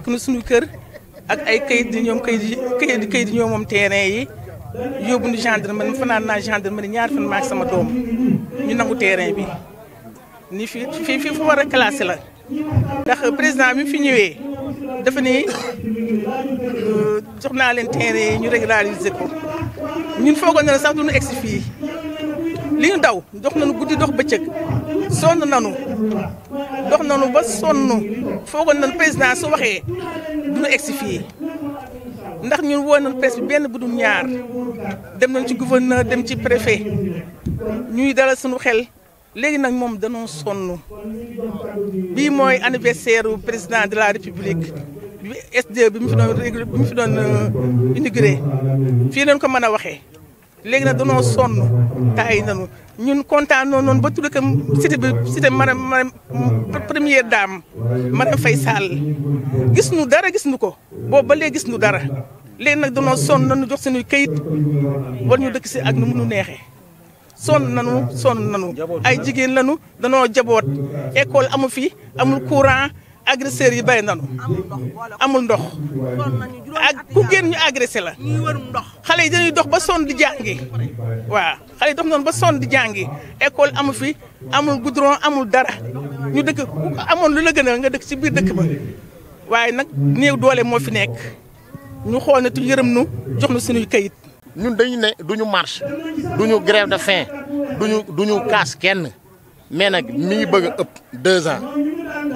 fekk mi suñu kër ak ay kayit di ñoom kayit yi kayit kayit di ñoom moom terrain yi yóbbu ñu gendarmerie fanaan naa gendarmerie ñaar fan maak sama doom ñu nangu terrain bi ni fi fii fii fu war a classé la ndax président bi fi ñëwee dafa ni euh, jox naa leen terrain yi ñu régulariser ko ñun foogoon na sax duñu egsi fii li ñu daw dox nañu guddi dox bëccëg sonn nañu dox noonu ba sonn foogoon nañu président su waxee duñu egsi fii ndax ñun woo nañu presse bi benn bu dul ñaar dem nañ ci gouverneur dem ci préfet ñuy dala sunu xel léegi nag moom danoo sonn bii mooy anniversaire u de la république bi SDE bi mu fi doon bi mu fi doon euh, inauguré fii lañ ko mën a waxee léegi nag danoo sonn taay nanu ñun kontaanoo noonu ba tudd que cité bi cité madame madame première dame madame Faye Sall gis nu dara gis nu ko boobu ba léegi gis nu dara léegi nag danoo sonn nanu jox suñuy kayit war ñu dëkk si ak nu mu neexee. sonn nanu sonn nanu ay jigéen lanu danoo jaboot école amu fi amul courant agresseurs yi bari nanu amul ndox ak ku génn ñu agressé la xale yi dañuy dox ba sonn di jàngi waaw xale yi dox noonu ba sonn di jàngi école amu fi amul goudron amul dara ñu dëkk amoon lu la gën nga dëkk ci biir dëkk ba waaye nag néew doole moo fi nekk ñu xool ne tu yërëm nu jox nu suñuy kayit ñun dañu ne duñu marche duñu grève de faim duñu duñu kaas kenn mais nag mi ngi bëgg a ëpp deux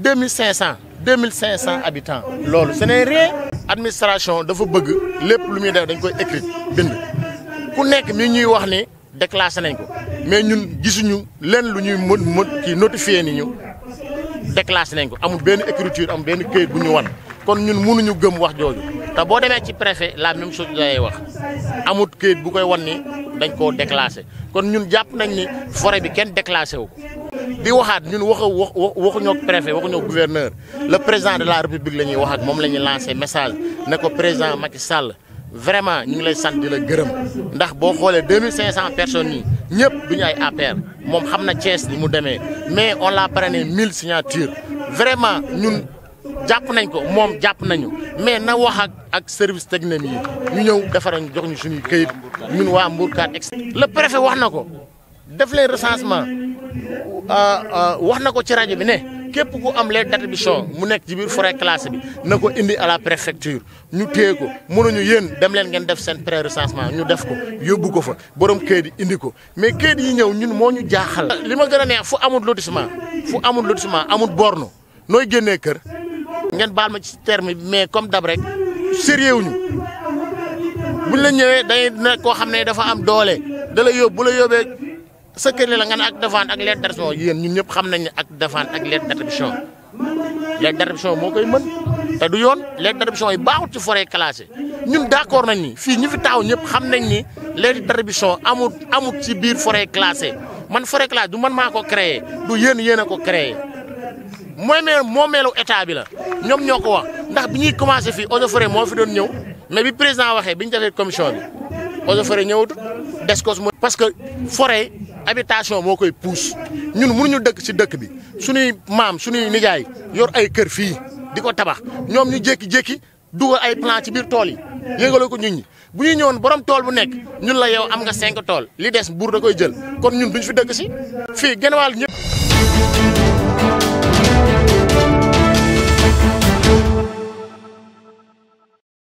deux mille cinq cent deux mille cinq cent habitants loolu ce n'est rien administration dafa bëgg lépp lu muy def dañ koy écrit bind ku nekk mi ñuy wax ni déclassé nañ ko mais ñun gisuñu lenn lu ñuy mën mën kii notifié ni ñu déclassé nañ ko amul benn écriture am benn këyit bu ñu wan kon ñun mënuñu gëm wax jooju te boo demee ci préfet la même chose lay wax amut këyit bu koy wan ni dañ koo déclassé kon ñun jàpp nañ ni forêt bi kenn déclassé wu ko nous avons ñun wax wax préfet gouverneur le président de la république la ñuy wax ak message président Macky Sall vraiment nous ngi lay sant di la gërëm ndax 2500 personnes yi avons duñu Nous APR moom xam mais on l'a pris 1000 signatures vraiment nous, avons nañ ko moom jàpp nañu mais na wax ak service technique yi ñu ñëw defarañ nous avons suñuy un le préfet wax na def leen recensement euh, euh, wax na ko ci rajo bi ne. képp ku am les attributions mu nekk ci biir forêt classée bi na ko indi à la préfecture ñu téye ko mënuñu yéen dem leen ngeen def seen pré recensement ñu def ko yóbbu ko fa borom kayit yi indi ko mais kayit yi ñëw ñun moo ñu jaaxal. li ma gën a neex fu amul lotissement fu amul lotissement amul borne nooy génnee kër ngeen baal ma ci terme bi mais comme dab rek sérieux wuñu buñ la ñëwee dañuy nekk koo xam ne dafa am doole da la yóbbu bu la yóbbee. sa kër la nga ne acte de vente ak lettre d'attribution yéen ñun ñëpp xam nañ ne acte de ak lettre d'attribution lettre d'attribution moo koy mën te du yoon lettre d'attribution yi baaxul ci forêt classée ñun d'accord nañ ni fii ñu fi taaw ñëpp xam nañ ni lettre d'attribution amut amut ci biir forêt classée man forêt classée du man maa ko créé du yéen yéen a ko créé mooy meel moomeelu état bi la ñoom ñoo ko wax ndax bi ñuy commencé fii eaux et forêts moo fi doon ñëw mais bi président waxee bi ñu defee commission bi eaux et forêts ñëwatut mooy parce que forêt habitation moo koy pousse ñun ñu dëkk si dëkk bi suñuy maam suñuy nijaay yor ay kër fii di ko tabax ñoom ñu jékki-jékki dugal ay plan ci biir tool yi yëngale ko ñu ñi bu ñuy ñëwoon borom tool bu nekk ñun la yow am nga cinq tool li des buur da koy jël kon ñun duñ fi dëkk si fii genn wàll